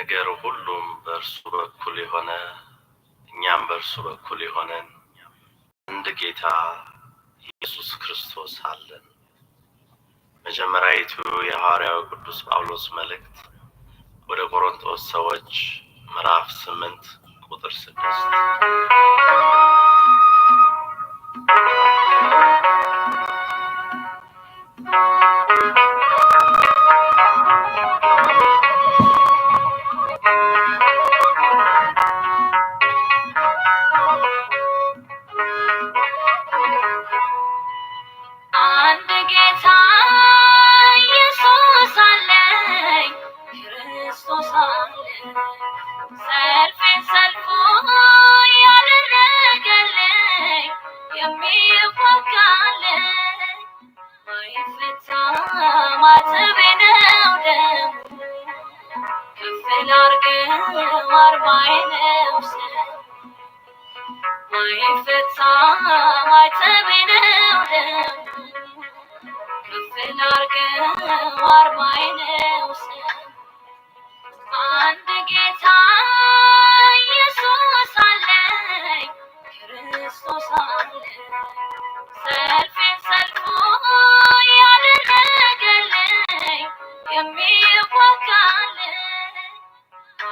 ነገር ሁሉም በእርሱ በኩል የሆነ እኛም በእርሱ በኩል የሆነን አንድ ጌታ ኢየሱስ ክርስቶስ አለን። መጀመሪያዊቱ የሐዋርያው ቅዱስ ጳውሎስ መልእክት ወደ ቆሮንቶስ ሰዎች ምዕራፍ ስምንት ቁጥር ስድስት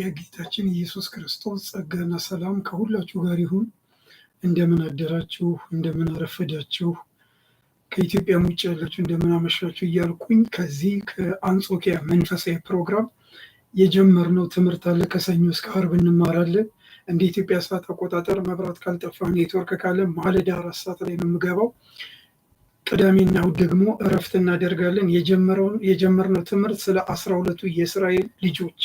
የጌታችን ኢየሱስ ክርስቶስ ጸጋና ሰላም ከሁላችሁ ጋር ይሁን። እንደምን አደራችሁ፣ እንደምን አረፈዳችሁ፣ ከኢትዮጵያ ውጭ ያላችሁ እንደምን አመሻችሁ እያልኩኝ ከዚህ ከአንጾኪያ መንፈሳዊ ፕሮግራም የጀመርነው ትምህርት አለ። ከሰኞ እስከ አርብ እንማራለን። እንደ ኢትዮጵያ ሰዓት አቆጣጠር መብራት ካልጠፋ፣ ኔትወርክ ካለ ማለዳ አራት ሰዓት ላይ ነው የምገባው። ቅዳሜና ደግሞ እረፍት እናደርጋለን። የጀመርነው ትምህርት ስለ አስራ ሁለቱ የእስራኤል ልጆች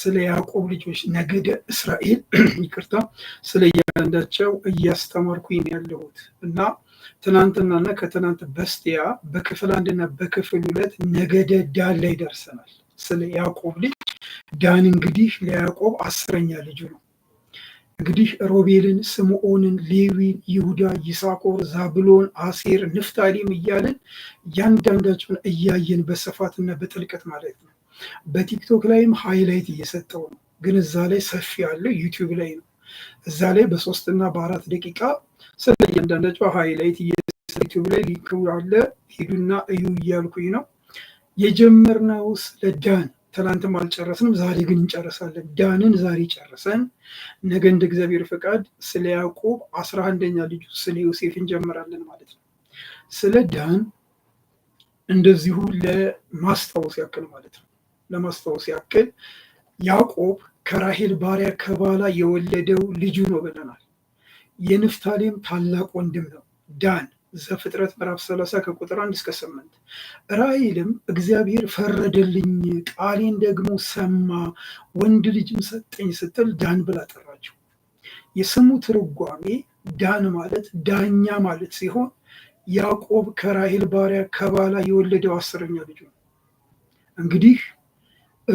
ስለ ያዕቆብ ልጆች ነገደ እስራኤል ይቅርታ፣ ስለ እያንዳቸው እያስተማርኩኝ ያለሁት እና ትናንትናና ከትናንት በስቲያ በክፍል አንድና በክፍል ሁለት ነገደ ዳን ላይ ደርሰናል። ስለ ያዕቆብ ልጅ ዳን እንግዲህ ለያዕቆብ አስረኛ ልጁ ነው። እንግዲህ ሮቤልን፣ ስምዖንን፣ ሌዊን፣ ይሁዳ፣ ይሳኮር፣ ዛብሎን፣ አሴር፣ ንፍታሊም እያለን እያንዳንዳቸውን እያየን በስፋትና በጥልቀት ማለት ነው። በቲክቶክ ላይም ሃይላይት እየሰጠው ነው፣ ግን እዛ ላይ ሰፊ ያለው ዩቲዩብ ላይ ነው። እዛ ላይ በሶስት እና በአራት ደቂቃ ስለ እያንዳንዳቸው ሃይላይት ዩቲዩብ ላይ ሊንክ አለ፣ ሂዱና እዩ እያልኩኝ ነው። የጀመርነው ስለ ዳን ትናንትም አልጨረስንም፣ ዛሬ ግን እንጨርሳለን። ዳንን ዛሬ ጨርሰን ነገ እንደ እግዚአብሔር ፈቃድ ስለ ያዕቆብ አስራ አንደኛ ልጁ ስለ ዮሴፍ እንጀምራለን ማለት ነው። ስለ ዳን እንደዚሁ ለማስታወስ ያክል ማለት ነው። ለማስታወስ ያክል ያዕቆብ ከራሄል ባሪያ ከባላ የወለደው ልጁ ነው ብለናል። የንፍታሌም ታላቅ ወንድም ነው ዳን ዘፍጥረት ምዕራፍ 30 ከቁጥር 1 እስከ 8። ራሄልም እግዚአብሔር ፈረደልኝ፣ ቃሌን ደግሞ ሰማ፣ ወንድ ልጅም ሰጠኝ ስትል ዳን ብላ ጠራችው። የስሙ ትርጓሜ ዳን ማለት ዳኛ ማለት ሲሆን ያዕቆብ ከራሄል ባሪያ ከባላ የወለደው አስረኛ ልጁ ነው። እንግዲህ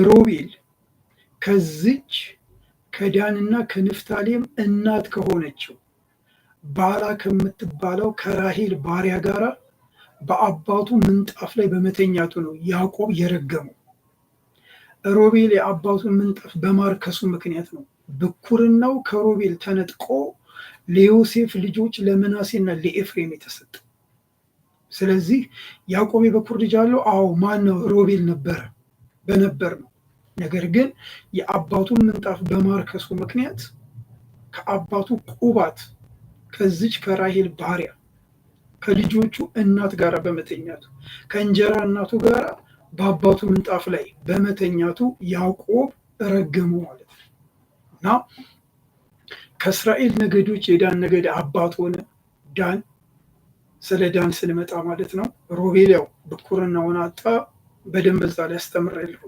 ሮቤል ከዚች ከዳንና ከንፍታሌም እናት ከሆነችው ባላ ከምትባለው ከራሄል ባሪያ ጋር በአባቱ ምንጣፍ ላይ በመተኛቱ ነው ያዕቆብ የረገመው። ሮቤል የአባቱን ምንጣፍ በማርከሱ ምክንያት ነው። ብኩርናው ከሮቤል ተነጥቆ ለዮሴፍ ልጆች ለምናሴና ለኤፍሬም የተሰጠ። ስለዚህ ያዕቆብ የበኩር ልጅ አለው። አዎ፣ ማን ነው? ሮቤል ነበረ። በነበር ነው። ነገር ግን የአባቱን ምንጣፍ በማርከሱ ምክንያት ከአባቱ ቁባት ከዚች ከራሄል ባሪያ ከልጆቹ እናት ጋር በመተኛቱ ከእንጀራ እናቱ ጋር በአባቱ ምንጣፍ ላይ በመተኛቱ ያዕቆብ ረገሙ ማለት ነው እና ከእስራኤል ነገዶች የዳን ነገድ አባት ሆነ። ዳን ስለ ዳን ስንመጣ ማለት ነው ሮቤል ያው ብኩርናውን አጣ። በደንብ እዛ ላይ አስተምሬያለሁ።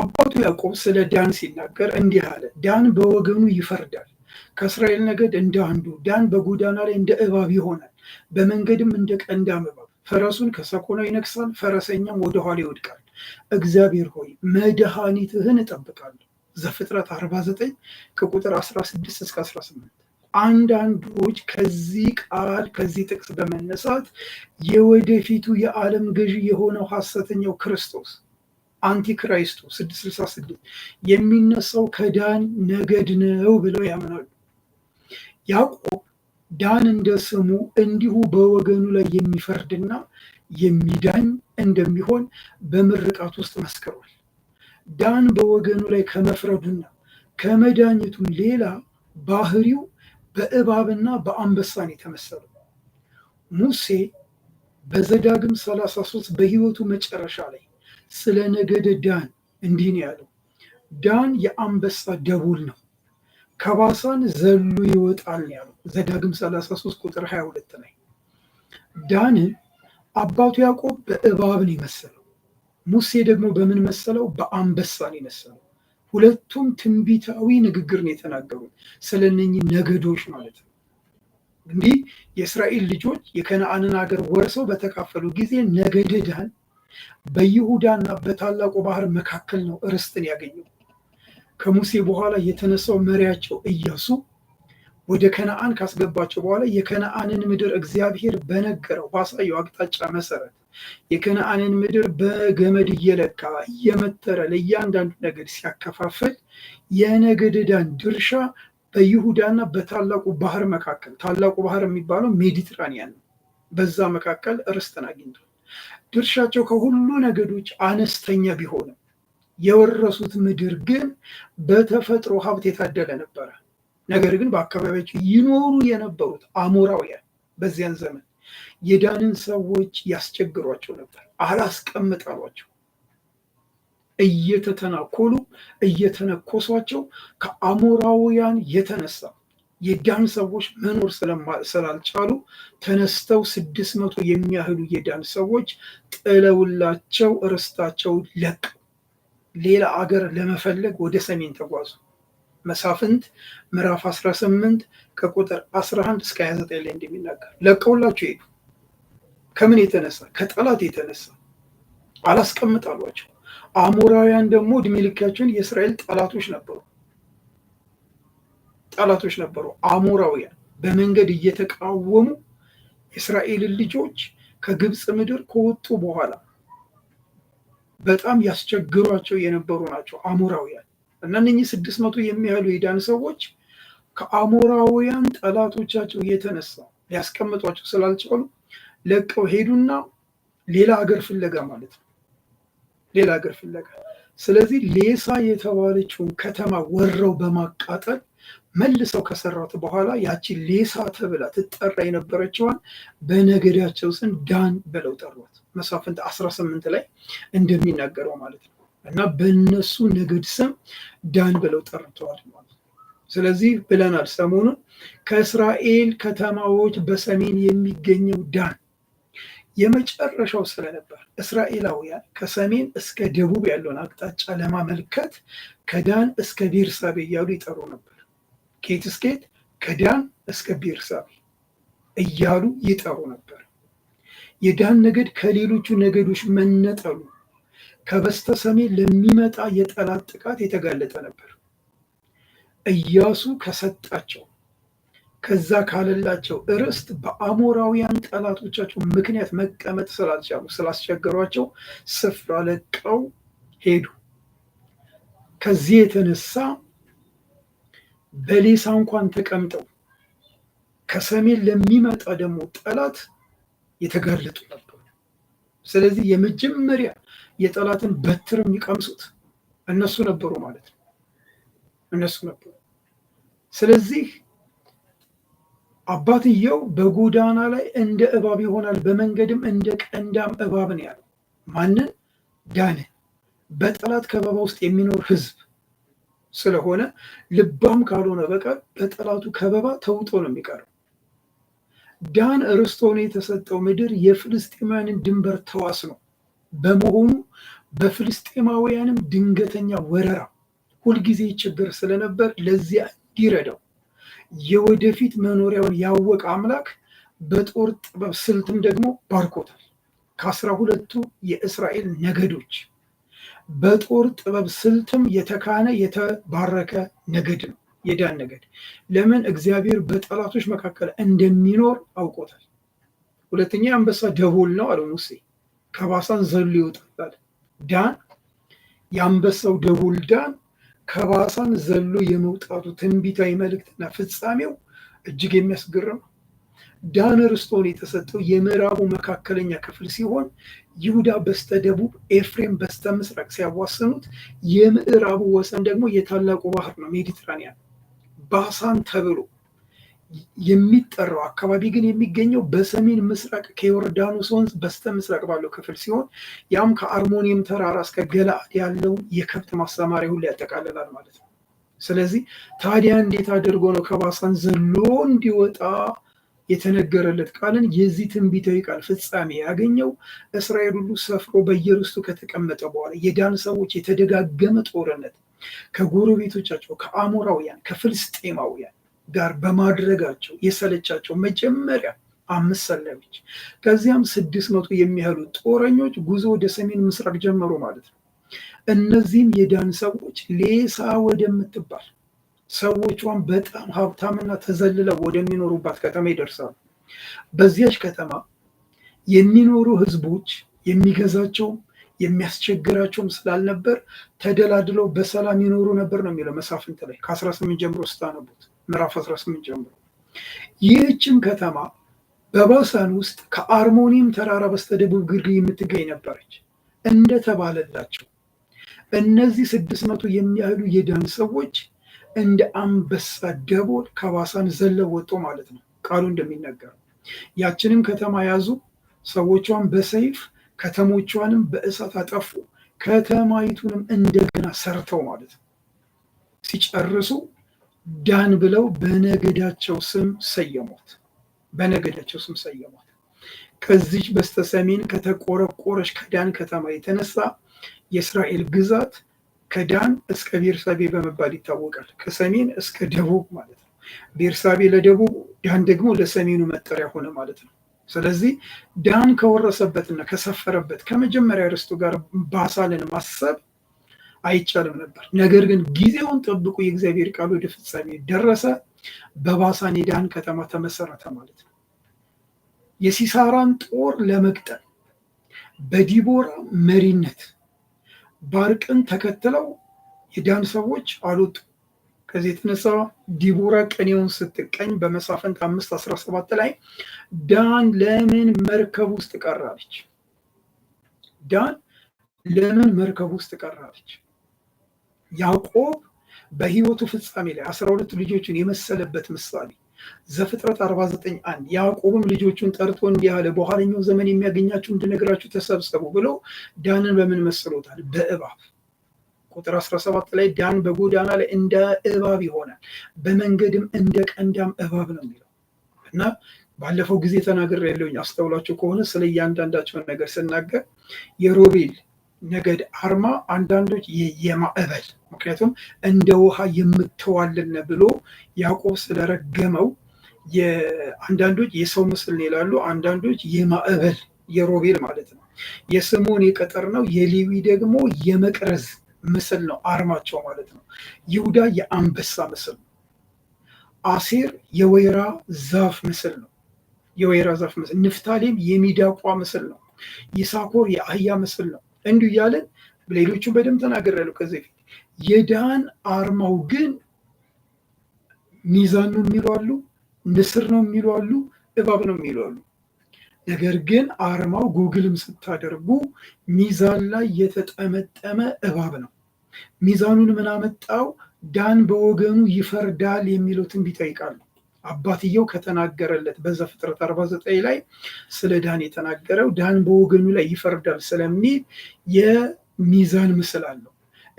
አባቱ ያዕቆብ ስለ ዳን ሲናገር እንዲህ አለ። ዳን በወገኑ ይፈርዳል፣ ከእስራኤል ነገድ እንደ አንዱ። ዳን በጎዳና ላይ እንደ እባብ ይሆናል፣ በመንገድም እንደ ቀንዳም እባብ። ፈረሱን ከሰኮናው ይነክሳል፣ ፈረሰኛም ወደኋላ ይወድቃል። እግዚአብሔር ሆይ መድኃኒትህን እጠብቃለሁ። ዘፍጥረት 49 ከቁጥር 16 እስከ 18 አንዳንዶች ከዚህ ቃል ከዚህ ጥቅስ በመነሳት የወደፊቱ የዓለም ገዢ የሆነው ሐሰተኛው ክርስቶስ አንቲክራይስቱ 666 የሚነሳው ከዳን ነገድ ነው ብለው ያምናሉ። ያዕቆብ ዳን እንደ ስሙ እንዲሁ በወገኑ ላይ የሚፈርድና የሚዳኝ እንደሚሆን በምርቃት ውስጥ መስክሯል። ዳን በወገኑ ላይ ከመፍረዱና ከመዳኘቱ ሌላ ባህሪው በእባብና በአንበሳን የተመሰሉ ሙሴ በዘዳግም 33 በህይወቱ መጨረሻ ላይ ስለ ነገደ ዳን እንዲህ ነው ያለው። ዳን የአንበሳ ደቡል ነው፣ ከባሳን ዘሎ ይወጣል ያለው ዘዳግም 33 ቁጥር 22 ላይ። ዳንን አባቱ ያዕቆብ በእባብን የመሰለው፣ ሙሴ ደግሞ በምን መሰለው? በአንበሳን የመሰለው። ሁለቱም ትንቢታዊ ንግግር ነው የተናገሩት ስለ እነኚህ ነገዶች ማለት ነው። እንግዲህ የእስራኤል ልጆች የከነአንን ሀገር ወርሰው በተካፈሉ ጊዜ ነገደ ዳን በይሁዳና በታላቁ ባህር መካከል ነው ርስትን ያገኘው። ከሙሴ በኋላ የተነሳው መሪያቸው እያሱ ወደ ከነአን ካስገባቸው በኋላ የከነአንን ምድር እግዚአብሔር በነገረው ባሳየው አቅጣጫ መሰረት የከነአንን ምድር በገመድ እየለካ እየመተረ ለእያንዳንዱ ነገድ ሲያከፋፍል የነገድ ዕዳን ድርሻ በይሁዳና በታላቁ ባህር መካከል ታላቁ ባህር የሚባለው ሜዲትራኒያን ነው። በዛ መካከል እርስትን አግኝቷል። ድርሻቸው ከሁሉ ነገዶች አነስተኛ ቢሆንም የወረሱት ምድር ግን በተፈጥሮ ሀብት የታደለ ነበረ። ነገር ግን በአካባቢያቸው ይኖሩ የነበሩት አሞራውያን በዚያን ዘመን የዳንን ሰዎች ያስቸግሯቸው ነበር። አላስቀምጠሯቸው እየተተናኮሉ እየተነኮሷቸው ከአሞራውያን የተነሳ የዳን ሰዎች መኖር ስላልቻሉ ተነስተው ስድስት መቶ የሚያህሉ የዳን ሰዎች ጥለውላቸው እርስታቸው ለቅ ሌላ አገር ለመፈለግ ወደ ሰሜን ተጓዙ። መሳፍንት ምዕራፍ 18 ከቁጥር 11 እስከ 29 ላይ እንደሚናገር ለቀውላቸው ሄዱ። ከምን የተነሳ ከጠላት የተነሳ አላስቀምጥ አሏቸው። አሞራውያን ደግሞ እድሜ ልካቸውን የእስራኤል ጠላቶች ነበሩ፣ ጠላቶች ነበሩ። አሞራውያን በመንገድ እየተቃወሙ የእስራኤልን ልጆች ከግብፅ ምድር ከወጡ በኋላ በጣም ያስቸግሯቸው የነበሩ ናቸው አሞራውያን እና እነኚህ ስድስት መቶ የሚያህሉ የዳን ሰዎች ከአሞራውያን ጠላቶቻቸው እየተነሳ ሊያስቀምጧቸው ስላልቻሉ ለቀው ሄዱና ሌላ ሀገር ፍለጋ ማለት ነው። ሌላ ሀገር ፍለጋ። ስለዚህ ሌሳ የተባለችውን ከተማ ወረው በማቃጠል መልሰው ከሰራት በኋላ ያቺ ሌሳ ተብላ ትጠራ የነበረችዋን በነገዳቸው ስም ዳን ብለው ጠሯት። መሳፍንት 18 ላይ እንደሚናገረው ማለት ነው። እና በእነሱ ነገድ ስም ዳን ብለው ጠርተዋል ማለት ስለዚህ ብለናል ሰሞኑን ከእስራኤል ከተማዎች በሰሜን የሚገኘው ዳን የመጨረሻው ስለነበር እስራኤላውያን ከሰሜን እስከ ደቡብ ያለውን አቅጣጫ ለማመልከት ከዳን እስከ ቤርሳቤ እያሉ ይጠሩ ነበር። ኬት ስኬት ከዳን እስከ ቤርሳቤ እያሉ ይጠሩ ነበር። የዳን ነገድ ከሌሎቹ ነገዶች መነጠሉ ከበስተ ሰሜን ለሚመጣ የጠላት ጥቃት የተጋለጠ ነበር። እያሱ ከሰጣቸው ከዛ ካለላቸው ርስት በአሞራውያን ጠላቶቻቸው ምክንያት መቀመጥ ስላልቻሉ ስላስቸገሯቸው ስፍራ ለቀው ሄዱ። ከዚህ የተነሳ በሌሳ እንኳን ተቀምጠው ከሰሜን ለሚመጣ ደግሞ ጠላት የተጋለጡ ነበር። ስለዚህ የመጀመሪያ የጠላትን በትር የሚቀምሱት እነሱ ነበሩ ማለት ነው። እነሱ ነበሩ። ስለዚህ አባትየው በጎዳና ላይ እንደ እባብ ይሆናል፣ በመንገድም እንደ ቀንዳም እባብ ነው ያለው። ማንን ዳነ? በጠላት ከበባ ውስጥ የሚኖር ህዝብ ስለሆነ ልባም ካልሆነ በቀር በጠላቱ ከበባ ተውጦ ነው የሚቀረው። ዳን ርስቶ ሆኖ የተሰጠው ምድር የፍልስጤማውያንን ድንበር ተዋስ ነው። በመሆኑ በፍልስጤማውያንም ድንገተኛ ወረራ ሁልጊዜ ችግር ስለነበር ለዚያ እንዲረዳው የወደፊት መኖሪያውን ያወቀ አምላክ በጦር ጥበብ ስልትም ደግሞ ባርኮታል። ከአስራ ሁለቱ የእስራኤል ነገዶች በጦር ጥበብ ስልትም የተካነ የተባረከ ነገድ ነው የዳን ነገድ። ለምን እግዚአብሔር በጠላቶች መካከል እንደሚኖር አውቆታል። ሁለተኛ የአንበሳ ደቦል ነው አለ ሙሴ። ከባሳን ዘሎ ይወጣል። ዳን የአንበሳው ደቦል ዳን ከባሳን ዘሎ የመውጣቱ ትንቢታዊ መልእክትና ፍጻሜው እጅግ የሚያስገርም ነው። ዳን ርስቶን የተሰጠው የምዕራቡ መካከለኛ ክፍል ሲሆን ይሁዳ በስተ ደቡብ፣ ኤፍሬም በስተ ምስራቅ ሲያዋስኑት፣ የምዕራቡ ወሰን ደግሞ የታላቁ ባህር ነው ሜዲትራኒያን ባሳን ተብሎ የሚጠራው አካባቢ ግን የሚገኘው በሰሜን ምስራቅ ከዮርዳኖስ ወንዝ በስተ ምስራቅ ባለው ክፍል ሲሆን ያም ከአርሞኒየም ተራራ እስከ ገላአድ ያለውን የከብት ማሰማሪያ ሁሉ ያጠቃልላል ማለት ነው። ስለዚህ ታዲያ እንዴት አድርጎ ነው ከባሳን ዘሎ እንዲወጣ የተነገረለት ቃልን የዚህ ትንቢታዊ ቃል ፍጻሜ ያገኘው እስራኤል ሁሉ ሰፍሮ በየርስቱ ከተቀመጠ በኋላ የዳን ሰዎች የተደጋገመ ጦርነት ከጎረቤቶቻቸው ከአሞራውያን፣ ከፍልስጤማውያን ጋር በማድረጋቸው የሰለቻቸው መጀመሪያ አምስት ሰለበች። ከዚያም ስድስት መቶ የሚያህሉ ጦረኞች ጉዞ ወደ ሰሜን ምስራቅ ጀመሩ ማለት ነው። እነዚህም የዳን ሰዎች ሌሳ ወደምትባል ሰዎቿን በጣም ሀብታምና ተዘልለው ወደሚኖሩባት ከተማ ይደርሳሉ። በዚያች ከተማ የሚኖሩ ህዝቦች የሚገዛቸውም የሚያስቸግራቸውም ስላልነበር ተደላድለው በሰላም ይኖሩ ነበር ነው የሚለው መሳፍንት ላይ ከ18 ጀምሮ ስታነቡት ምዕራፍ 18 ጀምሮ ይህችም ከተማ በባሳን ውስጥ ከአርሞኒም ተራራ በስተደቡብ ግርጌ የምትገኝ ነበረች። እንደተባለላቸው እነዚህ ስድስት መቶ የሚያህሉ የዳን ሰዎች እንደ አንበሳ ደቦል ከባሳን ዘለው ወጡ ማለት ነው ቃሉ እንደሚነገረው። ያችንም ከተማ ያዙ፣ ሰዎቿን በሰይፍ ከተሞቿንም በእሳት አጠፉ። ከተማይቱንም እንደገና ሰርተው ማለት ነው ሲጨርሱ ዳን ብለው በነገዳቸው ስም ሰየሙት። በነገዳቸው ስም ሰየሙት። ከዚች በስተሰሜን ከተቆረቆረች ከዳን ከተማ የተነሳ የእስራኤል ግዛት ከዳን እስከ ቤርሳቤ በመባል ይታወቃል። ከሰሜን እስከ ደቡብ ማለት ነው። ቤርሳቤ ለደቡብ፣ ዳን ደግሞ ለሰሜኑ መጠሪያ ሆነ ማለት ነው። ስለዚህ ዳን ከወረሰበትና ከሰፈረበት ከመጀመሪያ ርስቱ ጋር ባሳልን ማሰብ አይቻልም ነበር። ነገር ግን ጊዜውን ጠብቆ የእግዚአብሔር ቃል ወደ ፍጻሜ ደረሰ። በባሳን የዳን ከተማ ተመሰረተ ማለት ነው። የሲሳራን ጦር ለመግጠል በዲቦራ መሪነት ባርቅን ተከትለው የዳን ሰዎች አልወጡ። ከዚህ የተነሳ ዲቦራ ቅኔውን ስትቀኝ በመሳፍንት አምስት አስራ ሰባት ላይ ዳን ለምን መርከብ ውስጥ ቀራለች? ዳን ለምን መርከብ ውስጥ ቀራለች? ያዕቆብ በህይወቱ ፍጻሜ ላይ አስራ ሁለቱ ልጆችን የመሰለበት ምሳሌ ዘፍጥረት 49 አንድ ያዕቆብም ልጆቹን ጠርቶ እንዲህ አለ፣ በኋለኛው ዘመን የሚያገኛችሁ እንድነግራችሁ ተሰብሰቡ ብሎ ዳንን በምን መስሎታል? በእባብ ቁጥር 17 ላይ ዳን በጎዳና ላይ እንደ እባብ ይሆናል፣ በመንገድም እንደ ቀንዳም እባብ ነው የሚለው እና ባለፈው ጊዜ ተናግሬ ያለውኝ አስተውላችሁ ከሆነ ስለ እያንዳንዳቸውን ነገር ስናገር የሮቤል ነገድ አርማ አንዳንዶች የማዕበል ምክንያቱም እንደ ውሃ የምትዋልን ብሎ ያዕቆብ ስለረገመው አንዳንዶች የሰው ምስል ይላሉ። አንዳንዶች የማዕበል የሮቤል ማለት ነው። የስምዖን የቀጠር ነው። የሌዊ ደግሞ የመቅረዝ ምስል ነው አርማቸው ማለት ነው። ይሁዳ የአንበሳ ምስል ነው። አሴር የወይራ ዛፍ ምስል ነው። የወይራ ዛፍ ምስል። ንፍታሌም የሚዳቋ ምስል ነው። ይሳኮር የአህያ ምስል ነው። እንዱ እያለን ሌሎቹን በደንብ ተናግሬያለሁ ከዚህ ፊት የድሃን አርማው ግን ሚዛን ነው የሚሉ አሉ፣ ንስር ነው የሚሉ አሉ፣ እባብ ነው የሚሉ አሉ። ነገር ግን አርማው ጉግልም ስታደርጉ ሚዛን ላይ የተጠመጠመ እባብ ነው። ሚዛኑን ምናመጣው ዳን በወገኑ ይፈርዳል የሚለው ትንቢት ይጠይቃሉ። አባትየው ከተናገረለት በዘፍጥረት 49 ላይ ስለ ዳን የተናገረው ዳን በወገኑ ላይ ይፈርዳል ስለሚል የሚዛን ምስል አለው።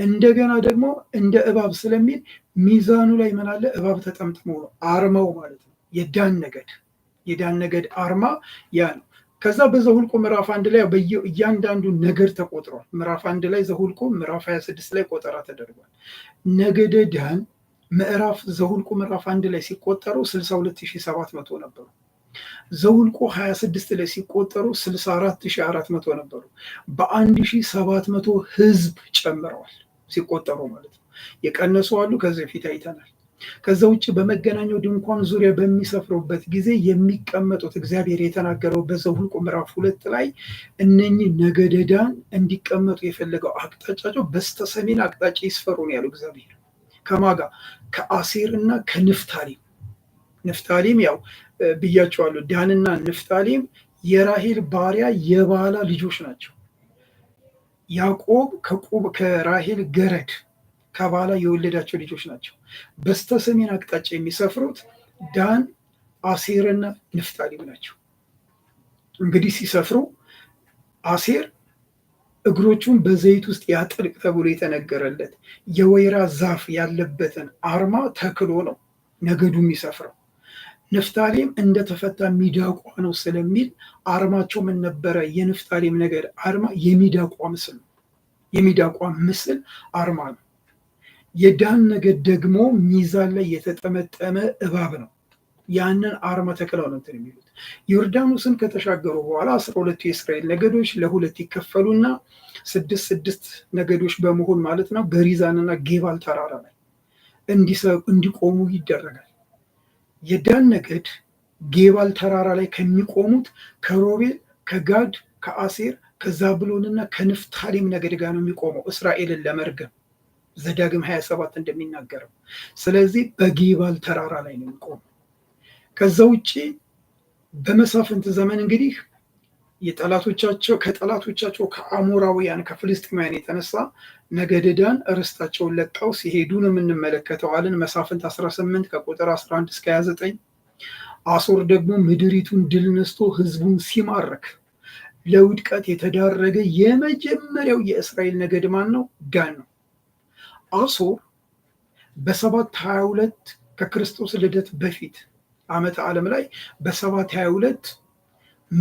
እንደገና ደግሞ እንደ እባብ ስለሚል ሚዛኑ ላይ ምን አለ? እባብ ተጠምጥሞ ነው አርማው ማለት ነው። የዳን ነገድ የዳን ነገድ አርማ ያ ነው። ከዛ በዘሁልቁ ምዕራፍ አንድ ላይ እያንዳንዱ ነገድ ተቆጥሯል። ምዕራፍ አንድ ላይ ዘሁልቁ ምዕራፍ 26 ላይ ቆጠራ ተደርጓል። ነገደ ዳን ምዕራፍ ዘውልቁ ምዕራፍ አንድ ላይ ሲቆጠሩ 62700 ነበሩ። ዘውልቁ 26 ላይ ሲቆጠሩ 64400 ነበሩ። በ1700 ህዝብ ጨምረዋል ሲቆጠሩ ማለት ነው። የቀነሱ አሉ፣ ከዚህ በፊት አይተናል። ከዛ ውጭ በመገናኛው ድንኳን ዙሪያ በሚሰፍሩበት ጊዜ የሚቀመጡት እግዚአብሔር የተናገረው በዘውልቁ ምዕራፍ ሁለት ላይ እነኚህ ነገደዳን እንዲቀመጡ የፈለገው አቅጣጫቸው በስተሰሜን አቅጣጫ ይስፈሩ ነው ያለው እግዚአብሔር ከማጋ ከአሴር እና ከንፍታሊም ንፍታሊም ያው ብያቸዋለሁ። ዳንና ንፍታሊም የራሄል ባሪያ የባላ ልጆች ናቸው። ያዕቆብ ከቁብ ከራሄል ገረድ ከባላ የወለዳቸው ልጆች ናቸው። በስተ ሰሜን አቅጣጫ የሚሰፍሩት ዳን፣ አሴርና ንፍታሊም ናቸው። እንግዲህ ሲሰፍሩ አሴር እግሮቹን በዘይት ውስጥ ያጥልቅ ተብሎ የተነገረለት የወይራ ዛፍ ያለበትን አርማ ተክሎ ነው ነገዱ የሚሰፍረው። ንፍታሌም እንደተፈታ ሚዳቋ ነው ስለሚል አርማቸው ምን ነበረ? የንፍታሌም ነገድ አርማ የሚዳቋ ምስል ነው። የሚዳቋ ምስል አርማ ነው። የዳን ነገድ ደግሞ ሚዛን ላይ የተጠመጠመ እባብ ነው። ያንን አርማ ተክለው ነው እንትን የሚሉት። ዮርዳኖስን ከተሻገሩ በኋላ አስራ ሁለቱ የእስራኤል ነገዶች ለሁለት ይከፈሉና ስድስት ስድስት ነገዶች በመሆን ማለት ነው በሪዛንና ጌባል ተራራ ላይ እንዲቆሙ ይደረጋል። የዳን ነገድ ጌባል ተራራ ላይ ከሚቆሙት ከሮቤል፣ ከጋድ፣ ከአሴር፣ ከዛብሎንና ከንፍታሌም ነገድ ጋር ነው የሚቆመው እስራኤልን ለመርገም ዘዳግም 27 እንደሚናገረው። ስለዚህ በጌባል ተራራ ላይ ነው የሚቆመው። ከዛ ውጭ በመሳፍንት ዘመን እንግዲህ የጠላቶቻቸው ከጠላቶቻቸው ከአሞራውያን ከፍልስጤማውያን የተነሳ ነገደዳን ዳን ርስታቸውን ለቀው ሲሄዱ ነው የምንመለከተው። አለን። መሳፍንት 18 ከቁጥር 11 እስከ 29። አሶር ደግሞ ምድሪቱን ድል ነስቶ ህዝቡን ሲማርክ ለውድቀት የተዳረገ የመጀመሪያው የእስራኤል ነገድ ማን ነው? ዳን ነው። አሶር በሰባት 22 ከክርስቶስ ልደት በፊት ዓመተ ዓለም ላይ በሰባት ሀያ ሁለት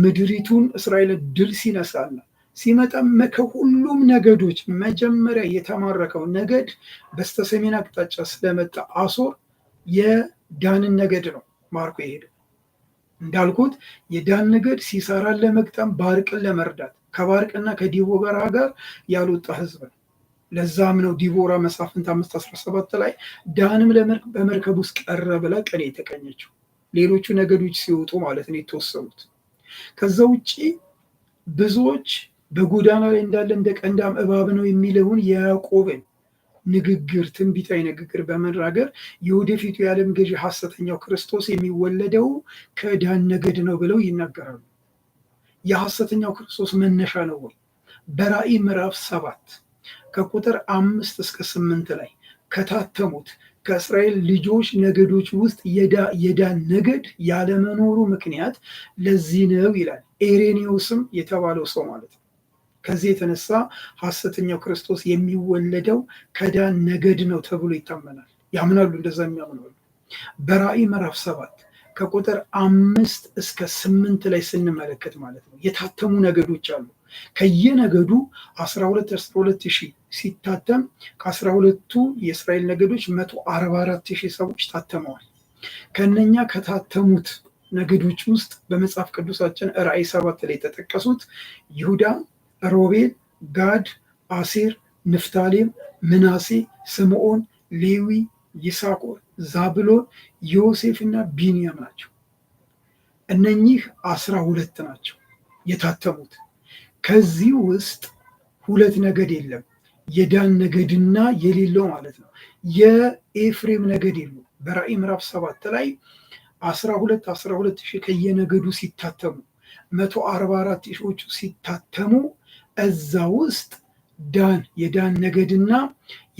ምድሪቱን እስራኤልን ድል ሲነሳና ሲመጠመ ከሁሉም ነገዶች መጀመሪያ የተማረከው ነገድ በስተሰሜን አቅጣጫ ስለመጣ አሶር የዳንን ነገድ ነው ማርኮ የሄደው። እንዳልኩት የዳን ነገድ ሲሰራን ለመግጠም ባርቅን ለመርዳት ከባርቅና ከዲቦራ ጋር ያልወጣ ህዝብ ነው። ለዛም ነው ዲቦራ መሳፍንት አምስት አስራ ሰባት ላይ ዳንም በመርከብ ውስጥ ቀረ ብላ ቀኔ የተቀኘችው። ሌሎቹ ነገዶች ሲወጡ ማለት ነው የተወሰኑት። ከዛ ውጭ ብዙዎች በጎዳና ላይ እንዳለ እንደ ቀንዳም እባብ ነው የሚለውን የያዕቆብን ንግግር ትንቢታዊ ንግግር በመናገር የወደፊቱ የዓለም ገዢ ሐሰተኛው ክርስቶስ የሚወለደው ከዳን ነገድ ነው ብለው ይናገራሉ። የሐሰተኛው ክርስቶስ መነሻ ነው ወይ? በራእይ ምዕራፍ ሰባት ከቁጥር አምስት እስከ ስምንት ላይ ከታተሙት ከእስራኤል ልጆች ነገዶች ውስጥ የዳን ነገድ ያለመኖሩ ምክንያት ለዚህ ነው ይላል። ኤሬኒዮስም የተባለው ሰው ማለት ነው። ከዚህ የተነሳ ሐሰተኛው ክርስቶስ የሚወለደው ከዳን ነገድ ነው ተብሎ ይታመናል። ያምናሉ፣ እንደዛ የሚያምናሉ። በራእይ ምዕራፍ ሰባት ከቁጥር አምስት እስከ ስምንት ላይ ስንመለከት ማለት ነው የታተሙ ነገዶች አሉ ከየነገዱ 12 12 ሺህ ሲታተም ከ12ቱ የእስራኤል ነገዶች 144 ሺህ ሰዎች ታተመዋል። ከነኛ ከታተሙት ነገዶች ውስጥ በመጽሐፍ ቅዱሳችን ራእይ ሰባት ላይ የተጠቀሱት ይሁዳ፣ ሮቤል፣ ጋድ፣ አሴር፣ ንፍታሌም፣ ምናሴ፣ ስምዖን፣ ሌዊ፣ ይሳኮር፣ ዛብሎን፣ ዮሴፍ እና ቢንያም ናቸው። እነኚህ አስራ ሁለት ናቸው የታተሙት ከዚህ ውስጥ ሁለት ነገድ የለም። የዳን ነገድና የሌለው ማለት ነው። የኤፍሬም ነገድ የለው። በራእይ ምዕራፍ ሰባት ላይ አስራ ሁለት አስራ ሁለት ሺህ ከየነገዱ ሲታተሙ መቶ አርባ አራት ሺዎቹ ሲታተሙ እዛ ውስጥ ዳን የዳን ነገድና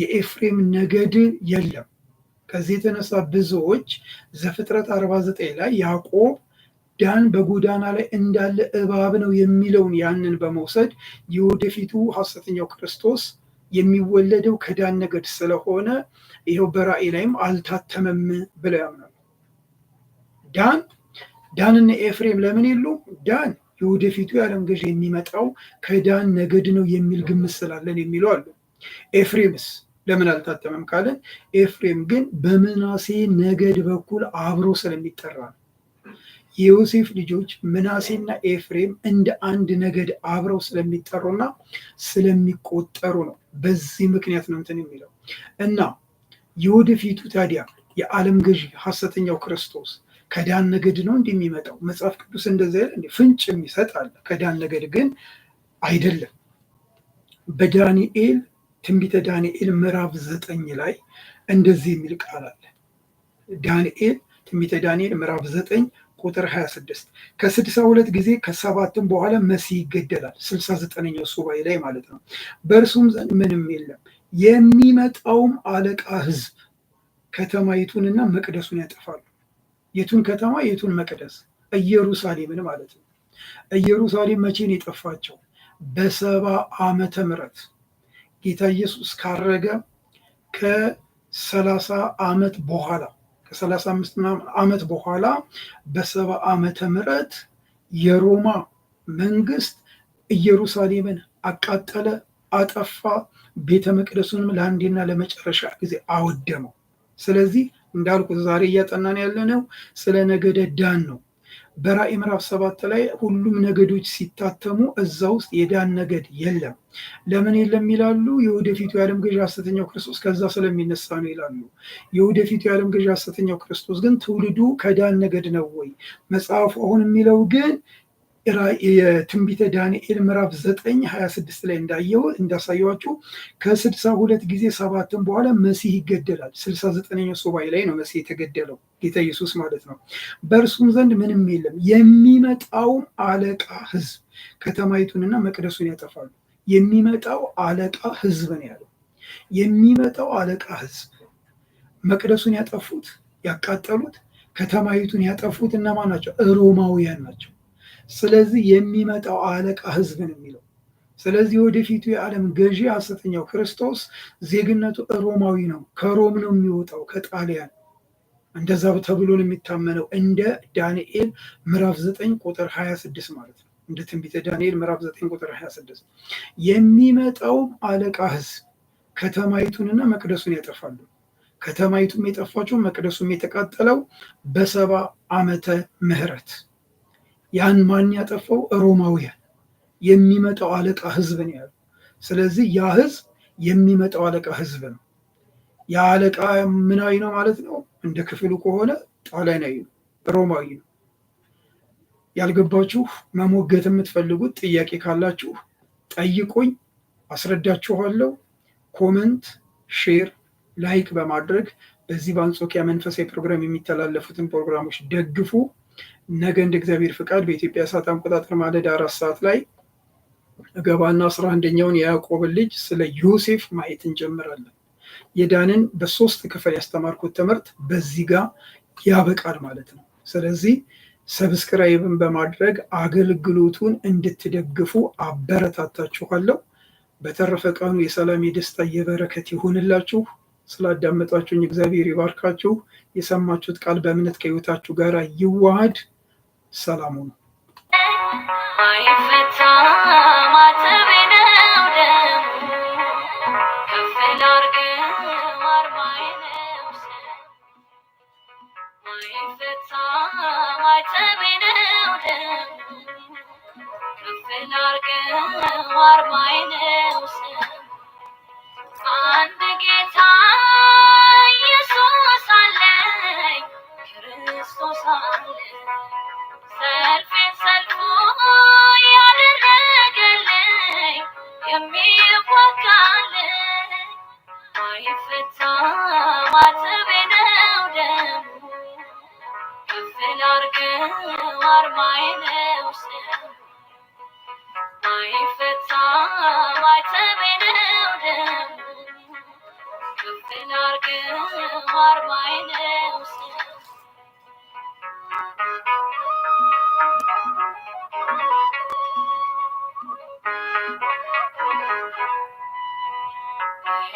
የኤፍሬም ነገድ የለም። ከዚህ የተነሳ ብዙዎች ዘፍጥረት 49 ላይ ያዕቆብ ዳን በጎዳና ላይ እንዳለ እባብ ነው የሚለውን ያንን በመውሰድ የወደፊቱ ሐሰተኛው ክርስቶስ የሚወለደው ከዳን ነገድ ስለሆነ ይኸው በራእይ ላይም አልታተመም ብለው ያምናሉ። ዳን ዳንና ኤፍሬም ለምን የሉ? ዳን የወደፊቱ የዓለም ገዥ የሚመጣው ከዳን ነገድ ነው የሚል ግምት ስላለን የሚሉ አሉ። ኤፍሬምስ ለምን አልታተመም ካለን ኤፍሬም ግን በምናሴ ነገድ በኩል አብሮ ስለሚጠራ ነው። የዮሴፍ ልጆች ምናሴና ኤፍሬም እንደ አንድ ነገድ አብረው ስለሚጠሩና ስለሚቆጠሩ ነው። በዚህ ምክንያት ነው እንትን የሚለው እና የወደፊቱ ታዲያ የዓለም ገዢ ሐሰተኛው ክርስቶስ ከዳን ነገድ ነው እንደሚመጣው መጽሐፍ ቅዱስ እንደዚያ ፍንጭ የሚሰጥ አለ። ከዳን ነገድ ግን አይደለም። በዳንኤል ትንቢተ ዳንኤል ምዕራፍ ዘጠኝ ላይ እንደዚህ የሚል ቃል አለ። ዳንኤል ትንቢተ ዳንኤል ምዕራፍ ዘጠኝ ቁጥር 26 ከ62 ጊዜ ከሰባትም በኋላ መሲህ ይገደላል። 69ኛው ሱባኤ ላይ ማለት ነው። በእርሱም ዘንድ ምንም የለም። የሚመጣውም አለቃ ሕዝብ ከተማይቱንና መቅደሱን ያጠፋሉ። የቱን ከተማ የቱን መቅደስ? ኢየሩሳሌምን ማለት ነው። ኢየሩሳሌም መቼን የጠፋቸው? በሰባ ዓመተ ምሕረት ጌታ ኢየሱስ ካረገ ከሰላሳ ዓመት በኋላ ከሰላሳ አምስት ዓመት በኋላ በሰባ ዓመተ ምህረት የሮማ መንግስት ኢየሩሳሌምን አቃጠለ፣ አጠፋ። ቤተ መቅደሱንም ለአንዴና ለመጨረሻ ጊዜ አወደመው። ስለዚህ እንዳልኩት ዛሬ እያጠናን ያለነው ስለ ነገደ ዳን ነው። በራእይ ምዕራፍ ሰባት ላይ ሁሉም ነገዶች ሲታተሙ እዛ ውስጥ የዳን ነገድ የለም። ለምን የለም ይላሉ? የወደፊቱ የዓለም ገዢ ሐሰተኛው ክርስቶስ ከዛ ስለሚነሳ ነው ይላሉ። የወደፊቱ የዓለም ገዢ ሐሰተኛው ክርስቶስ ግን ትውልዱ ከዳን ነገድ ነው ወይ? መጽሐፉ አሁን የሚለው ግን የትንቢተ ዳንኤል ምዕራፍ ዘጠኝ ሀያ ስድስት ላይ እንዳየው እንዳሳየዋችሁ ከስልሳ ሁለት ጊዜ ሰባትም በኋላ መሲህ ይገደላል። ስልሳ ዘጠነኛው ሱባኤ ላይ ነው መሲህ የተገደለው ጌታ ኢየሱስ ማለት ነው። በእርሱም ዘንድ ምንም የለም። የሚመጣውም አለቃ ህዝብ ከተማይቱንና መቅደሱን ያጠፋሉ። የሚመጣው አለቃ ህዝብ ነው ያለው። የሚመጣው አለቃ ህዝብ መቅደሱን ያጠፉት ያቃጠሉት ከተማይቱን ያጠፉት እነማን ናቸው? ሮማውያን ናቸው። ስለዚህ የሚመጣው አለቃ ህዝብ ነው የሚለው። ስለዚህ ወደፊቱ የዓለም ገዢ ሐሰተኛው ክርስቶስ ዜግነቱ ሮማዊ ነው፣ ከሮም ነው የሚወጣው ከጣሊያን እንደዛ ተብሎ ነው የሚታመነው። እንደ ዳንኤል ምዕራፍ 9 ቁጥር 26 ማለት ነው። እንደ ትንቢተ ዳንኤል ምዕራፍ 9 ቁጥር 26 የሚመጣውም አለቃ ህዝብ ከተማይቱንና መቅደሱን ያጠፋሉ። ከተማይቱም የጠፋቸው መቅደሱም የተቃጠለው በሰባ ዓመተ ምህረት ያን ማን ያጠፋው? ሮማውያን የሚመጣው አለቃ ህዝብ ነው ያሉ። ስለዚህ ያ ህዝብ የሚመጣው አለቃ ህዝብ ነው። ያ አለቃ ምናዊ ነው ማለት ነው። እንደ ክፍሉ ከሆነ ጣሊያናዊ ነው፣ ሮማዊ ነው። ያልገባችሁ መሞገት የምትፈልጉት ጥያቄ ካላችሁ ጠይቁኝ፣ አስረዳችኋለሁ። ኮመንት፣ ሼር፣ ላይክ በማድረግ በዚህ በአንጾኪያ መንፈሳዊ ፕሮግራም የሚተላለፉትን ፕሮግራሞች ደግፉ። ነገ እንደ እግዚአብሔር ፍቃድ በኢትዮጵያ ሰዓት አቆጣጠር ማለዳ አራት ሰዓት ላይ ገባና አስራ አንደኛውን የያዕቆብን ልጅ ስለ ዮሴፍ ማየት እንጀምራለን። የዳንን በሶስት ክፍል ያስተማርኩት ትምህርት በዚህ ጋር ያበቃል ማለት ነው። ስለዚህ ሰብስክራይብን በማድረግ አገልግሎቱን እንድትደግፉ አበረታታችኋለሁ። በተረፈ ቀኑ የሰላም የደስታ የበረከት ይሆንላችሁ። ስላዳመጣችሁኝ እግዚአብሔር ይባርካችሁ። የሰማችሁት ቃል በእምነት ከሕይወታችሁ ጋር ይዋሃድ። ሰላሙ ነው። አንድ ጌታ ኢየሱስ አለኝ ክርስቶስ አለኝ ሰልፌን ሰልፉ ያደረገልኝ የሚዋጋልኝ አይፈታ ማተቤ ደሙ ከፍ ላድርገው አርማዬ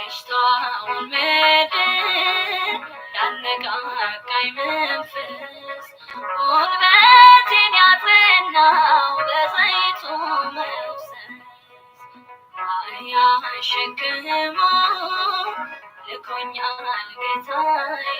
በሽታውን ምድር ያነቃቃኝ መንፈስ ጉልበቴን ያጸናው በዘይቱ መፍሰስ ያሸክሞ ልኮኛል ጌታዬ።